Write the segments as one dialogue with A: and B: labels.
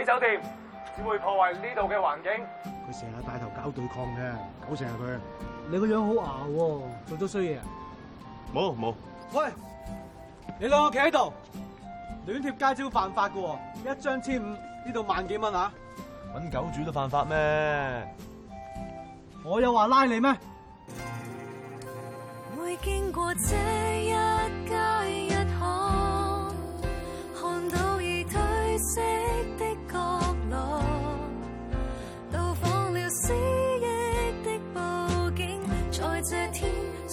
A: 喺酒店，只會破壞呢度嘅環境。佢成日帶頭搞對抗嘅，好成日佢。你個樣好牙喎，做咗衰嘢？冇冇。冇，喂，你兩個企喺度，亂貼街招犯法噶，一張千五，呢度萬幾蚊啊！搵狗主都犯法咩？我有話拉你咩？會經過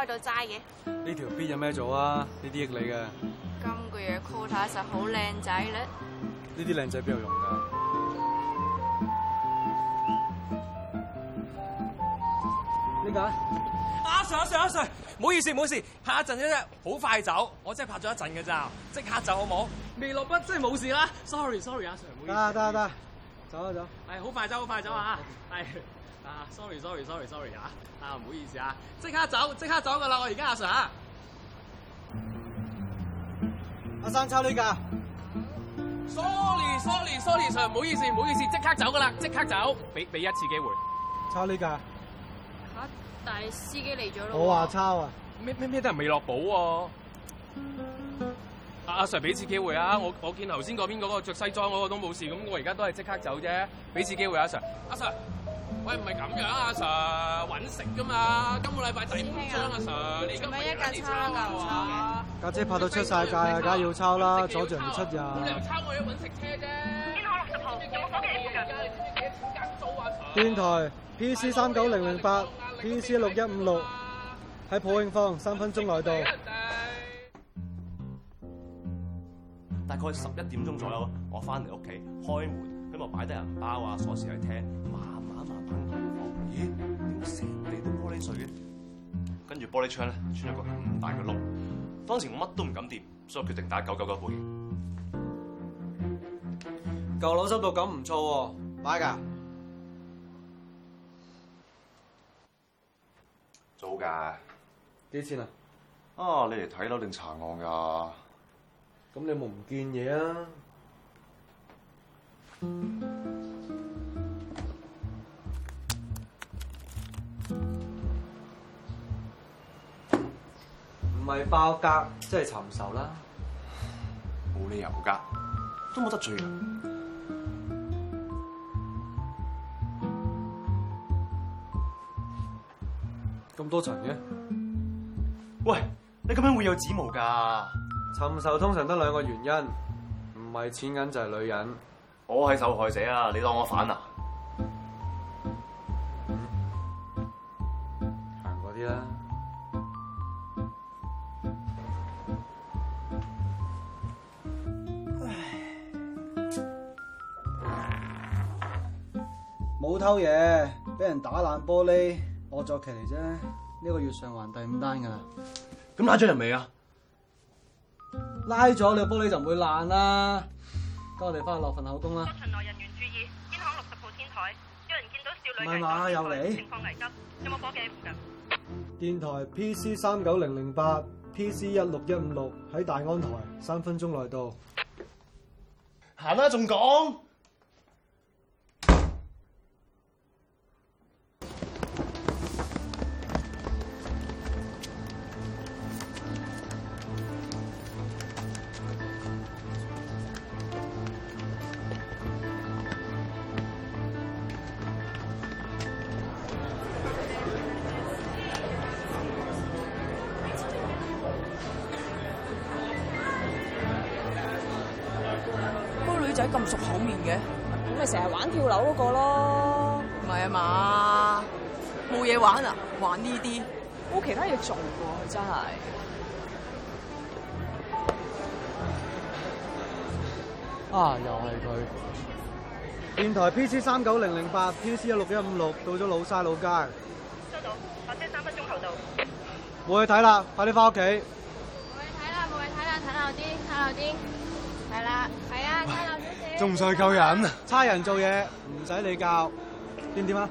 B: 開到齋
A: 嘅，呢條片有咩做啊？呢啲益你嘅。
B: 今個月嘅 quota 實好靚仔啦。
A: 呢啲靚仔邊有用噶？點解？阿 Sir 阿 Sir 阿 Sir，唔好意思唔好意思，拍一陣啫，好快走，我真係拍咗一陣㗎咋，即刻走好冇？未落筆真係冇事啦，sorry sorry 阿 Sir，唔好意思。得得得，走走，係好快走好快走啊！係。啊，sorry，sorry，sorry，sorry，吓 sorry, sorry, sorry、啊，啊唔好意思啊，即刻走，即刻走噶啦、啊，我而家阿 Sir，、啊、阿生抄呢架
B: ？Sorry，sorry，sorry，Sir，唔好意思，唔好意思，即刻走噶啦，即刻走，
A: 俾俾一次機會，抄呢架？
B: 吓，但係
A: 司機嚟咗咯。好啊，抄啊，咩咩咩都係未落寶喎、啊啊。阿 Sir，俾次機會啊，我我見頭先嗰邊嗰個着西裝嗰個都冇事，咁我而家都係即刻走啫，俾次機會阿 Sir，阿 Sir。
B: 啊 Sir, 喂，唔係咁樣啊，Sir，搵食噶嘛。今個禮拜第五張阿，啊，Sir，你而家唔係一格抄噶
A: 話，家姐拍到出晒界啊，梗係要抄啦，阻住要出啊！你唔抄我而家搵
B: 食車啫。
A: 邊台 P C 三九零零八，P C 六一五六喺普慶坊，三分鐘內到。大概十一點鐘左右，我翻嚟屋企開門，咁咪擺低銀包啊鎖匙喺廳。跟住玻璃窗咧穿咗個咁大嘅窿，當時我乜都唔敢掂，所以我決定打九九九報警。舊樓收到咁唔錯喎，買㗎？租㗎的？幾錢啊？啊，你嚟睇樓定查案㗎？咁你冇唔見嘢啊？嗯咪爆格即係尋仇啦，冇理由噶，都冇得罪人，咁多層？嘅？喂，你咁樣會有指毛噶？尋仇通常得兩個原因，唔係錢銀就係女人。我係受害者啊，你當我反啊？偷嘢，俾人打爛玻璃，惡作劇嚟啫。呢個月上環第五單㗎啦。咁拉咗人未啊？拉咗，你玻璃就唔會爛啦。得我哋翻去落份口供啦。巡邏人員注意，邊行六十號天台，有人見到少女嘅又嚟來。情
B: 況危急，有冇火警喺附近？
A: 電台 PC 三九零零八，PC 一六一五六喺大安台，三分鐘嚟到。行啦，仲講？咁熟口面嘅，咁咪成日玩跳樓嗰個咯？唔係啊嘛，冇嘢玩啊，玩呢啲，冇其他嘢做喎，啊，真係。啊，又係佢。電台 PC 三九零零八，PC 一六一五六，到咗老西老街。收到，快車三分鐘後到。冇去睇啦，快啲翻屋企。
B: 冇去睇啦，冇去睇啦，睇樓啲，睇樓啲。仲唔
A: 使救人？差人做嘢唔使你教，點唔點啊？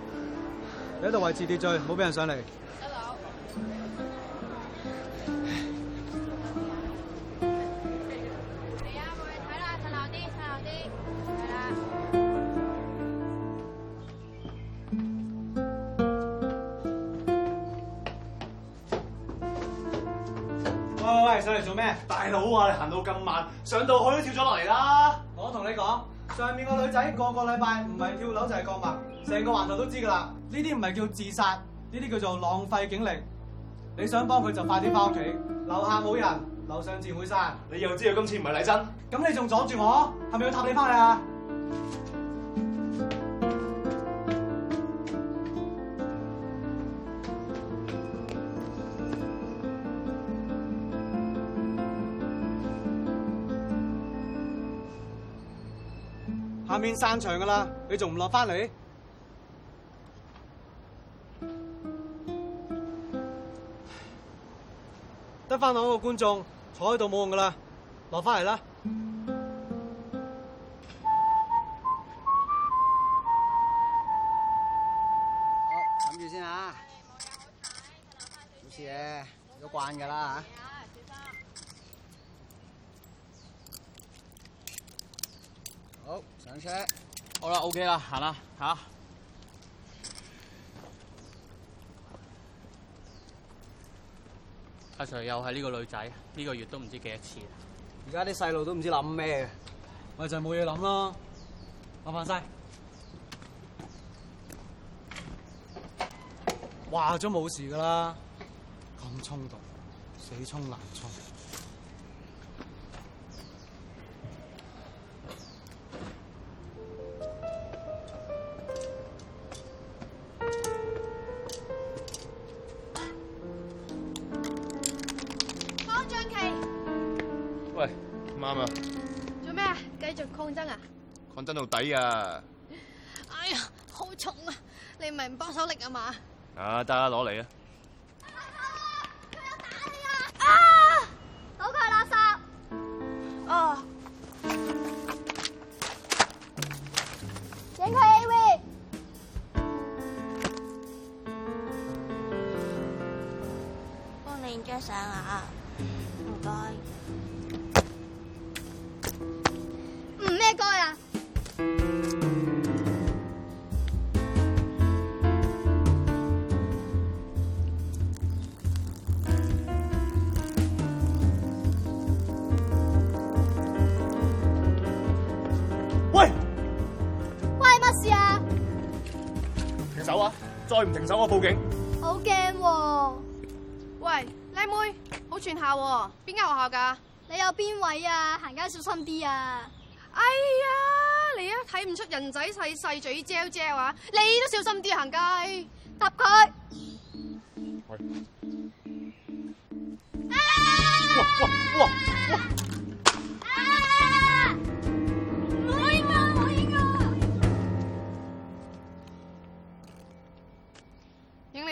A: 你喺度維持秩序，唔好俾人上嚟。大佬
B: Hello.
A: 唉。嚟啊！過去睇啦，細路啲，細路啲。啦！喂喂喂，上嚟做咩？大佬呀，你行到咁慢，上到去都跳咗落嚟啦！我同你講，上面的女個女仔，就是，個個禮拜唔係跳樓就係割脈，成個環球都知噶啦。呢啲唔係叫自殺，呢啲叫做浪費警力。你想幫佢就快啲翻屋企，樓下冇人，樓上自毀身。你又知道今次唔係嚟真，咁你仲阻住我，係咪要撻你翻啊？上面散場噶啦，你仲唔落翻嚟？得翻兩個觀眾坐喺度冇用噶啦，落翻嚟啦。好，冚住先啊！冇事嘅，啊，你都慣噶啦吓。
B: 好，上車，
A: 好啦，OK 啦，行啦，吓，阿 Sir 又係呢個女仔，呢個月都唔知幾多次喇，而家啲細路都唔知諗咩，咪就係冇嘢諗咯，我瞓晒，話咗冇事噶啦，咁衝動，死衝難衝。啱啊做！
B: 做咩？繼續抗爭啊！
A: 抗爭到底啊！
B: 哎呀，好重啊！你唔係唔幫手力啊嘛？
A: 啊，得啦，攞嚟啊！佢唔停手，啊，我報警。
B: 好驚喎！喂，靚妹，好全校喎，啊，邊間學校㗎？你有邊位啊？行街小心啲啊！哎呀，你啊睇唔出人仔細細嘴蕉蕉啊？你都小心啲行街，答佢。
A: 喂！啊哇哇哇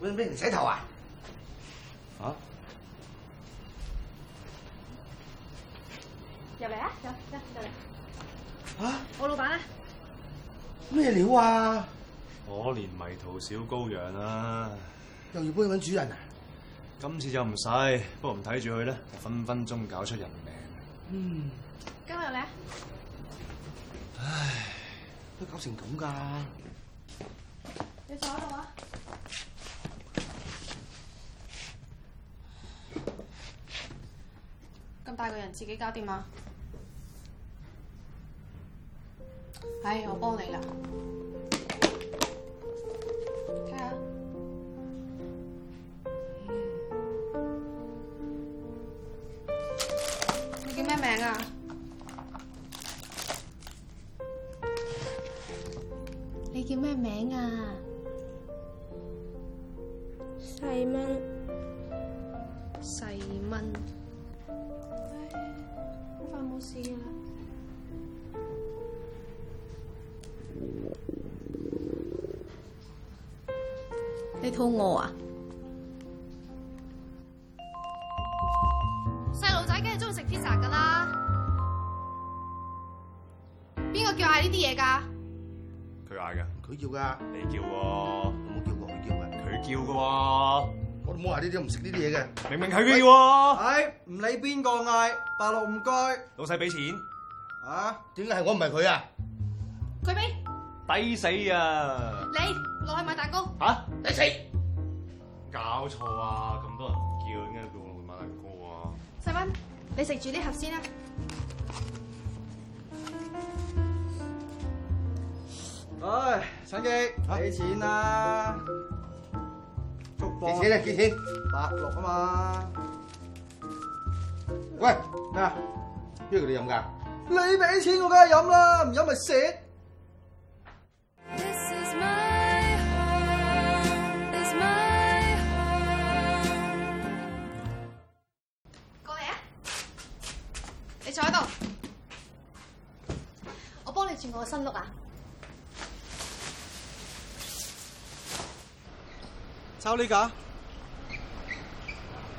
A: 喂喂，你洗頭啊？啊！
B: 入嚟啊，走走，入嚟。吓，我老
A: 闆咧？咩料啊？可憐迷途小羔羊啦。又要搬搵主人啊！今次就唔使，不過唔睇住佢咧，分分鐘搞出人命。
B: 嗯，跟我入
A: 嚟啊！唉，都搞成咁噶啊。你
B: 坐喺度啊。咁大個人自己搞掂啊！唉、哎，我幫你啦。睇下。肚餓啊！細路仔梗係中意食 pizza 噶啦，邊個叫嗌呢啲嘢噶？
A: 佢嗌噶，佢叫噶，你叫喎？我冇叫過，佢叫嘅，佢叫噶喎。我都冇嗌呢啲，唔食呢啲嘢嘅。明明係佢喎。哎，唔理邊個嗌，八六唔該，老細俾錢啊？點解係我唔係佢啊？
B: 佢俾
A: 抵死啊！
B: 你落去買蛋糕。吓，抵死！
A: 搞錯啊！咁多人叫，應該叫我買蛋糕啊！
B: 細蚊，你食住呢盒先
A: 啦。唉，陳記，俾錢啦！幾錢啊？幾錢？八六啊嘛。
B: 喂，咩啊？
A: 邊個叫你飲噶？你俾錢我梗係飲啦，唔飲咪蝕！收呢架？
B: 這個，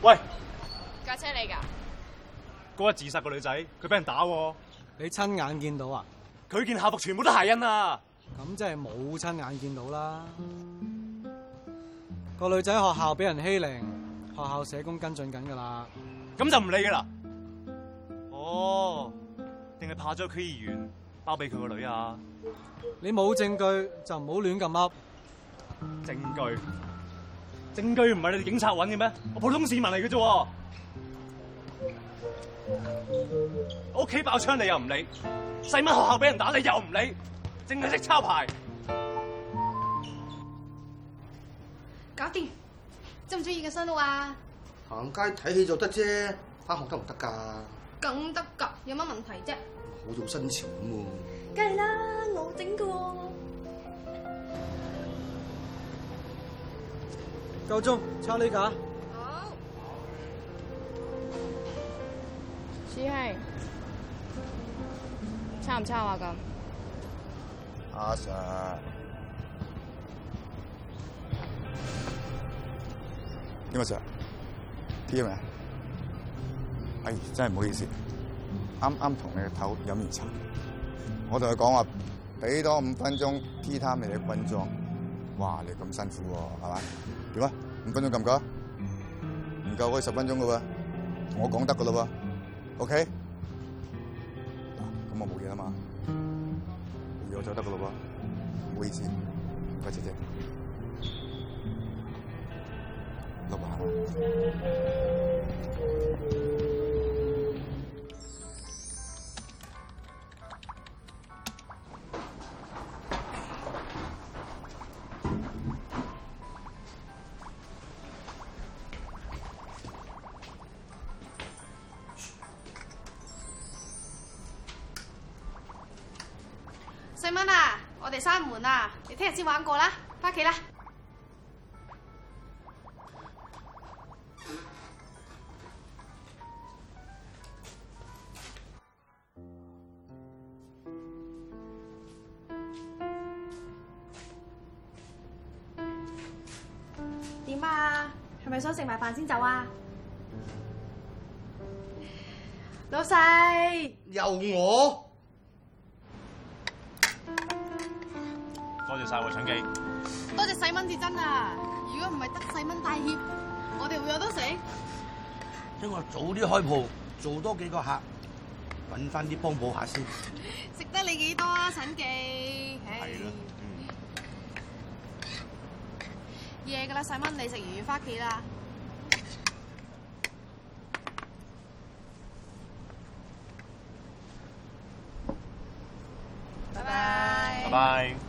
B: 喂！架車嚟噶？
A: 嗰日自殺個女仔，佢俾人打喎。你親眼見到啊？佢件校服全部都鞋印啊！咁真係冇親眼見到啦。個女仔學校俾人欺凌，學校社工跟進緊噶啦。咁就唔理噶啦。哦，定係怕咗區議員包庇佢個女啊？你冇證據就唔好亂咁噏。證據？證據唔係你哋警察揾嘅咩？我普通市民嚟嘅啫。我屋企爆槍你又唔理，細蚊學校俾人打你又唔理，淨係識抄牌。
B: 搞掂，鍾唔鍾意嘅新路啊？
A: 行街睇戲就得啫，返學得唔得噶？
B: 梗得噶，有乜問題啫？
A: 好似新潮咁喎。梗
B: 係啦，我整噶。夠鐘，差呢架？好。是係，
A: 差唔差啊
B: 咁？阿 Sir，點啊 Sir？知未？哎，真係唔好意思，啱
A: 啱同你個頭飲完茶，我同佢講話，畀多五分鐘，黐他咪啲軍裝。哇！你咁辛苦喎，係嘛？點啊？五分鐘夠唔夠？唔、嗯、夠可以十分鐘嘅喎，同我講得嘅嘞喎。OK，嗱、啊，咁我冇嘢啊嘛，冇嘢就得嘅嘞喎，唔好意思，唔該，謝謝。老闆。
B: 先玩過啦，返屋企啦。點啊？係咪想食埋飯先走啊？老細，又我。
A: 晒喎，陳記
B: 多謝！多謝細蚊至真啊！如果唔係得細蚊帶挈，我哋會有得食。
A: 應該早啲開鋪，多做多幾個客，揾翻啲幫補下先。
B: 食得你幾多啊，陳記？係咯的。夜噶啦，細、嗯、蚊你食完要翻屋企啦！拜拜。拜拜。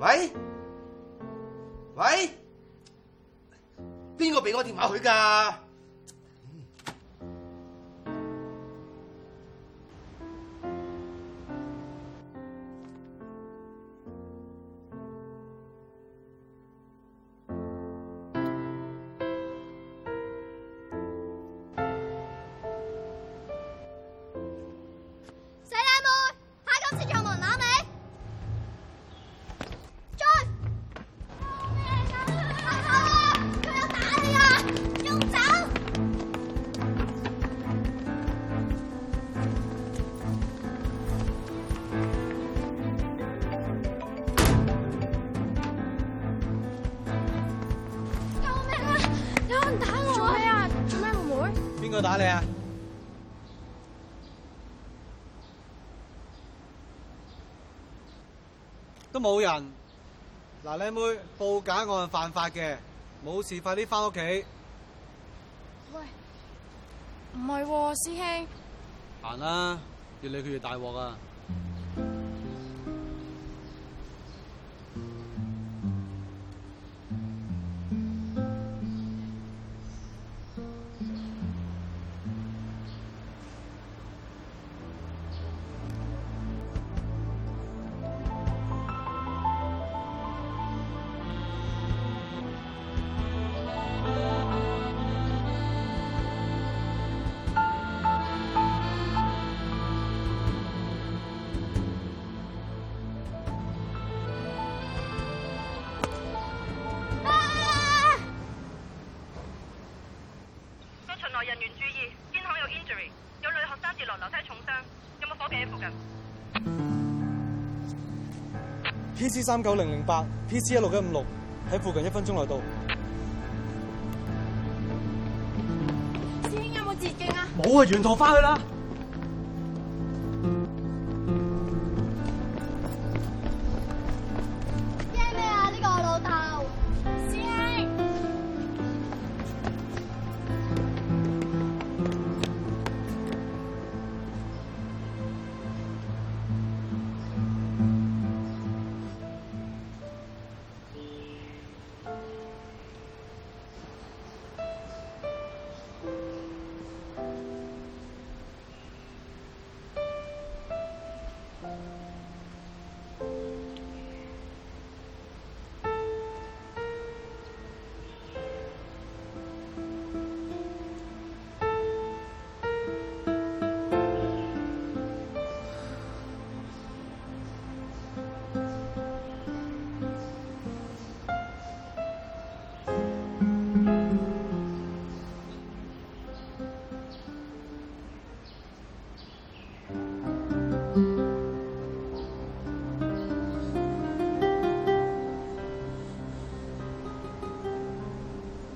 B: 喂喂，邊個俾我電話佢㗎？哦
A: 你啊！都冇人。嗱，靚妹，報假案犯法嘅，冇事快啲返屋企。
B: 喂，唔係喎，師兄。
A: 行啦，越理佢越大鑊啊！P C 三九零零八，P C 一六一五六，喺附近一分鐘內到。
B: 師兄有冇捷徑
A: 啊？冇啊，沿途翻去啦。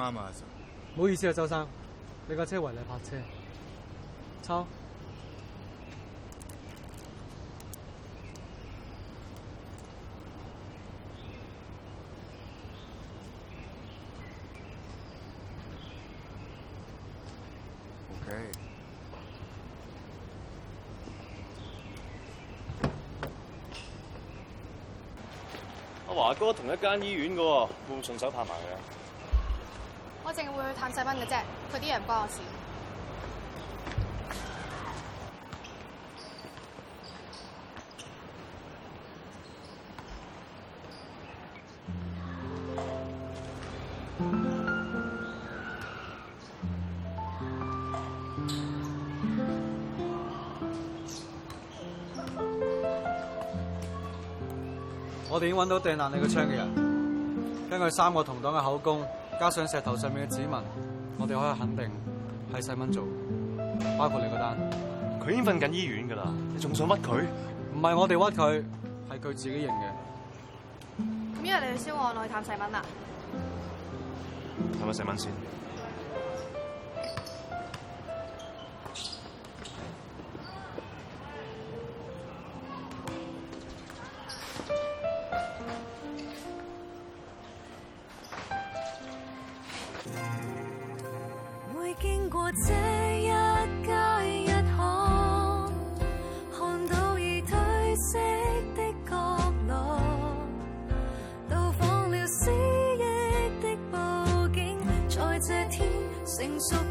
A: 媽媽，好意思啊，周生，你架車違例泊車，抄。OK，阿華哥同一間醫院噶，會唔會順手拍埋佢啊？
B: 我淨會去探細蚊嘅啫，佢啲人唔關我事。
A: 我哋已經揾到掟爛你個槍嘅人，根據三個同黨嘅口供。加上石頭上面嘅指紋，我哋可以肯定係細蚊做。包括你嗰單，佢已經瞓緊醫院㗎啦。你仲想屈佢？唔係我哋屈佢，係佢自己認嘅。
B: 咁今日你去消防內探細蚊啦。
A: 探埋細蚊先看看。在這
B: 一街一巷，看到已褪色的角落，到訪了思憶的布景，在這天成熟。